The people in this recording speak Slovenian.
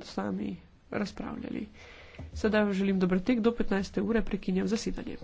s nami razpravljali. Sedaj vam želim dober tek do 15. ure prekinjam zasedanje.